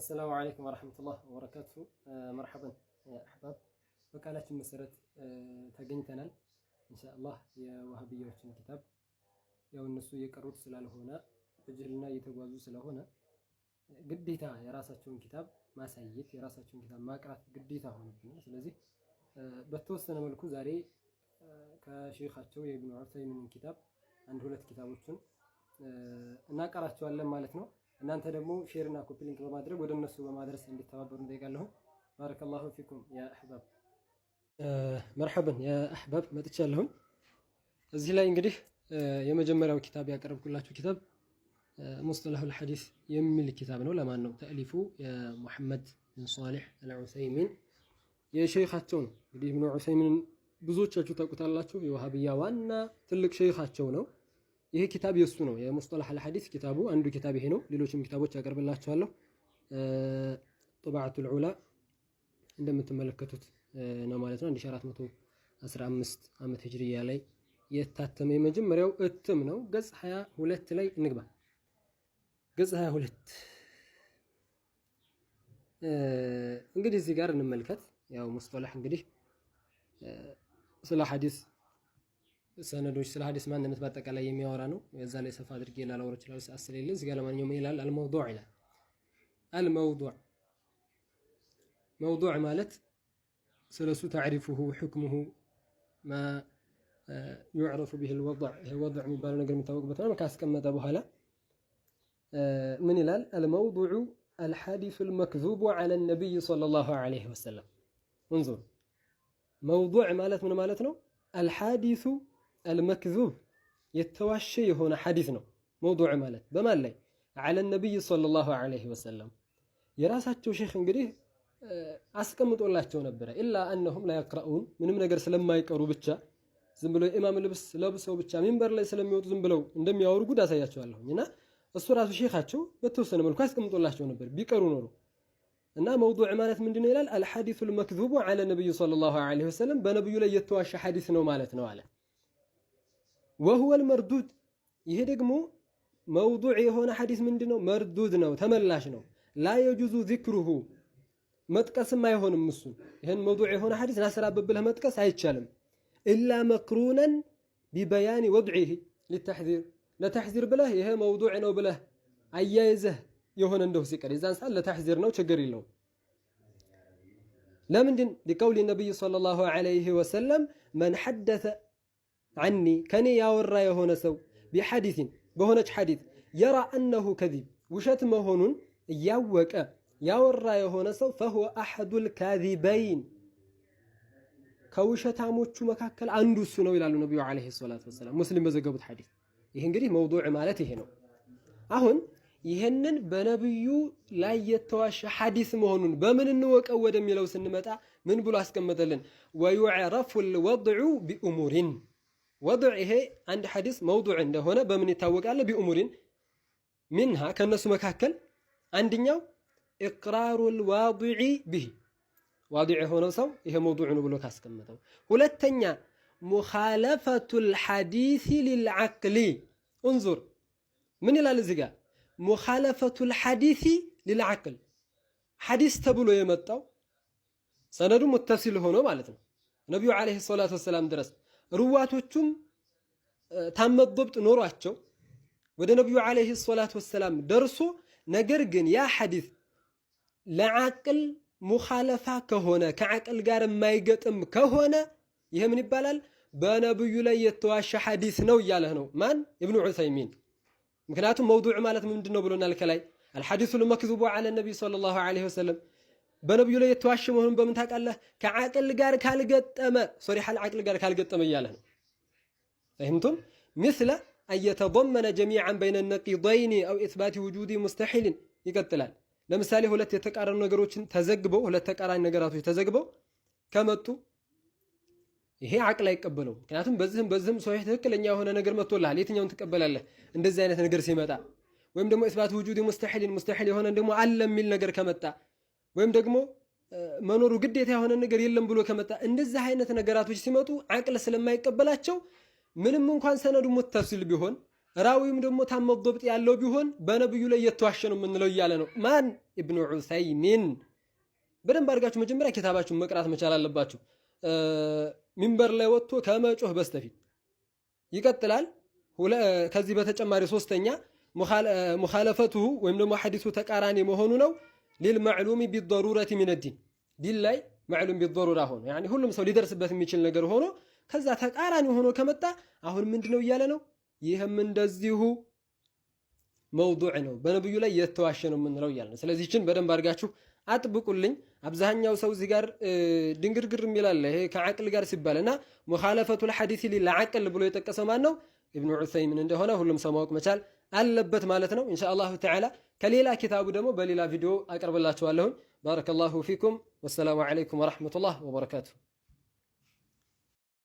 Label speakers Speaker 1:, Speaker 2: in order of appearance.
Speaker 1: አሰላሙ አለይኩም ወረሕመቱላህ ወበረካቱ። መርሐበን አሕባብ፣ በቃላችን መሰረት ተገኝተናል። እንሻአላህ የዋህብያዎችን ኪታብ ያው እነሱ የቀሩት ስላልሆነ በጅህልና እየተጓዙ ስለሆነ ግዴታ የራሳቸውን ኪታብ ማሳየት የራሳቸውን ኪታብ ማቅራት ግዴታ ሆኖብናል። ስለዚህ በተወሰነ መልኩ ዛሬ ከሼኻቸው የኢብኑ ዑሰይሚንን ኪታብ አንድ ሁለት ኪታቦችን እናቀራቸዋለን ማለት ነው። እናንተ ደግሞ ሼርና ኮፒ ሊንክ በማድረግ ወደ እነሱ በማድረስ እንዲተባበሩ እንጠይቃለሁ። ባረከላሁ ፊኩም ያ አሕባብ። መርሐበን ያ አሕባብ መጥቻለሁኝ። እዚህ ላይ እንግዲህ የመጀመሪያው ኪታብ ያቀረብኩላችሁ ኪታብ ሙስጠላሁል ሐዲስ የሚል ኪታብ ነው። ለማን ነው ተእሊፉ? የሙሐመድ ብን ሷሊሕ አልዑሰይሚን የሸይኻቸው ነው። እንግዲህ ኢብኑ ዑሰይሚንን ብዙዎቻችሁ ታውቁታላችሁ። የዋሃብያ ዋና ትልቅ ሸይኻቸው ነው። ይሄ ኪታብ የእሱ ነው። የሙስጠላህ አልሐዲስ ኪታቡ አንዱ ኪታብ ይሄ ነው። ሌሎችም ኪታቦች ያቀርብላችኋለሁ። ጡባዓቱል ዑላ እንደምትመለከቱት ነው ማለት ነው። 1415 ዓመት ሂጅሪያ ላይ የታተመ የመጀመሪያው እትም ነው። ገጽ 22 ላይ እንግባ። ገጽ 22 እንግዲህ እዚህ ጋር እንመልከት። ያው ሙስጠላህ እንግዲህ ስለ ሐዲስ ሰነዶች ስለ ሀዲስ ማንነት በአጠቃላይ የሚያወራ ነው። እዛ ላይ ሰፋ አድርጌ ላላወራ ይችላል ስለሌለ እዚህ ጋር ለማንኛውም ይላል አልመውዱ ይላል። አልመውዱ መውዱ ማለት ስለሱ ተዕሪፉሁ ሕክሙሁ ማ ዩዕረፉ ቢህ ልወضዕ የሚባለው ነገር የሚታወቅበት ነው። ካስቀመጠ በኋላ ምን ይላል? አልመውዱዑ አልሓዲሱ ልመክዙቡ ዐላ ነቢይ ሰለላሁ ዐለይሂ ወሰለም። እንዙር መውዱዕ ማለት ምን ማለት ነው? አልሓዲሱ አልመክዙብ የተዋሸ የሆነ ሐዲስ ነው። መውዱዕ ማለት በማን ላይ አለ ነቢይ ሰለላሁ ዐለይሂ ወሰለም የራሳቸው ሼክ እንግዲህ አስቀምጦላቸው ነበረ። ኢላ አነሁም ላያቅረኡን ምንም ነገር ስለማይቀሩ ብቻ ዝም ብለው ኢማም ልብስ ለብሰው ብቻ ሚንበር ላይ ስለሚወጡ ዝም ብለው እንደሚያወሩ ጉድ አሳያቸዋለሁኝ። እና እሱ ራሱ ሼካቸው በተወሰነ መልኩ አስቀምጦላቸው ነበር ቢቀሩ ኖሮ እና መውዱዕ ማለት ምንድነው ይላል አልሐዲሱ ልመክዙቡ ዐለ ነቢዩ ሰለላሁ ዐለይሂ ወሰለም በነቢዩ ላይ የተዋሸ ሐዲስ ነው ማለት ነው አለ። ወሁወል መርዱድ ይሄ ደግሞ መውዱዕ የሆነ ሐዲስ ምንድነው? መርዱድ ነው፣ ተመላሽ ነው። ላ የጁዙ ዚክሩሁ መጥቀስም አይሆንም። እሱን ይህን መውዱዕ የሆነ ሐዲስ ናስራበት ብለህ መጥቀስ አይቻልም። ኢላ መክሩነን ቢበያኒ ወድዒህ ሊተሕዚር ለተሕዚር ብለህ ይሄ መውዱዕ ነው ብለህ አያይዘህ የሆነ እንደው ሲቀር የዛን ሰዓት ለተሕዚር ነው፣ ችግር የለውም። ለምንድን ሊቀውሊ ነቢይ ሰለላሁ ዐለይሂ ወሰለም መን ሐደተ አኒ ከኔ ያወራ የሆነ ሰው ቢሐዲሲን በሆነች ሐዲት የራ አነሁ ከዚብ ውሸት መሆኑን እያወቀ ያወራ የሆነ ሰው ፈሁወ አሐዱል ካዚበይን ከውሸታሞቹ መካከል አንዱ እሱ ነው ይላሉ ነቢዩ ዓለይሂ ሰላቱ ወሰላም ሙስሊም በዘገቡት ሐዲስ። ይህ እንግዲህ መውዱዕ ማለት ይሄ ነው። አሁን ይህንን በነቢዩ ላይ የተዋሸ ሐዲስ መሆኑን በምን እንወቀው ወደሚለው ስንመጣ ምን ብሎ አስቀመጠልን? ወዩዕረፉል ወድዑ ቢኡሙሪን ወድዕ ይሄ አንድ ሐዲስ መውዱዕ እንደሆነ በምን ይታወቃል? ቢኡሙሪን ሚንሃ ከእነሱ መካከል አንድኛው ኢቅራሩል ዋዲዒ ቢሂ ዋዲዕ የሆነው ሰው ይሄ መውዱዕ ነው ብሎ ካስቀመጠው፣ ሁለተኛ ሙኻለፈቱል ሐዲስ ሊልዓቅሊ እንዙር ምን ይላል እዚህ ጋር ሙኻለፈቱል ሐዲስ ሊልዓቅል ሐዲስ ተብሎ የመጣው ሰነዱ ሙተሲል ሆኖ ማለት ነው ነቢዩ ዓለይሂ ሰላቱ ወሰላም ድረስ ሩዋቶቹም ታመብጥ ኖሯቸው ወደ ነቢዩ ዓለይሂ ሰላቱ ወሰላም ደርሶ ነገር ግን ያ ሐዲስ ለዓቅል ሙኻለፋ ከሆነ ከዓቅል ጋር የማይገጥም ከሆነ ይህ ምን ይባላል? በነብዩ ላይ የተዋሸ ሐዲስ ነው እያለህ ነው። ማን እብኑ ዑሰይሚን። ምክንያቱም መውዱዕ ማለት ምንድን ነው ብሎናል ከላይ አልሐዲሱ ልመክዙቡ ዓለ ነቢይ ሰለላሁ ዓለይሂ ወሰለም በነቢዩ ላይ የተዋሸ መሆኑን በምን ታውቃለህ? ከዓቅል ጋር ካልገጠመ ሶሪሐል ዓቅል ጋር ካልገጠመ እያለ ነው። ፈሂምቱም ምስለ አየተመነ ጀሚዓን በይነ ነቂደይኒ አው ኢስባቲ ውጁዲ ሙስተሒልን ይቀጥላል። ለምሳሌ ሁለት የተቃረኑ ነገሮችን ተዘግበው ሁለት ተቃራኒ ነገራቶች ተዘግበው ከመጡ ይሄ ዓቅል አይቀበለው። ምክንያቱም በዚህም በዚህም ሶሒሕ ትክክለኛ የሆነ ነገር መጥቶልሃል፣ የትኛውን ትቀበላለህ? እንደዚህ አይነት ነገር ሲመጣ ወይም ደግሞ ኢስባት ውጁዲ ሙስተሒልን ሙስተሒል የሆነ ደግሞ አለ የሚል ነገር ከመጣ ወይም ደግሞ መኖሩ ግዴታ የሆነ ነገር የለም ብሎ ከመጣ እንደዚህ አይነት ነገራቶች ሲመጡ አቅል ስለማይቀበላቸው ምንም እንኳን ሰነዱ ሙተፍሲል ቢሆን ራዊም ደግሞ ታመው ያለው ቢሆን በነብዩ ላይ እየተዋሸ ነው የምንለው እያለ ነው። ማን እብኑ ዑሰይሚን። በደንብ አድርጋችሁ መጀመሪያ ኪታባችሁን መቅራት መቻል አለባችሁ፣ ሚንበር ላይ ወጥቶ ከመጮህ በስተፊት ይቀጥላል። ከዚህ በተጨማሪ ሶስተኛ ሙኻለፈቱሁ ወይም ደግሞ ሐዲሱ ተቃራኒ መሆኑ ነው። ሊልማዕሉሚ ቢضሩረቲ ሚን ዲን ዲን ላይ ማዕሉም ቢضሩራ ሆኖ ሁሉም ሰው ሊደርስበት የሚችል ነገር ሆኖ ከዛ ተቃራኒ ሆኖ ከመጣ አሁን ምንድነው እያለ ነው? ይህም እንደዚሁ መውዱዕ ነው፣ በነብዩ ላይ የተዋሸ ነው የምንለው እያለ ነው። ስለዚህ ይችን በደንብ አድርጋችሁ አጥብቁልኝ። አብዛኛው ሰው እዚህ ጋር ድንግርግር የሚላለ ይሄ ከዓቅል ጋር ሲባል እና ሙኻለፈቱል ሐዲስ ሊል ብሎ የጠቀሰው ማን ነው? ኢብኑ ዑሰይምን እንደሆነ ሁሉም ሰው ማወቅ መቻል አለበት ማለት ነው። ኢንሻ ተዓላ ከሌላ ኪታቡ ደግሞ በሌላ ቪዲዮ አቀርብላችኋለሁኝ። ባረከላሁ ፊኩም ወሰላሙ ዓለይኩም ወረሕመቱላህ ወበረካቱሁ።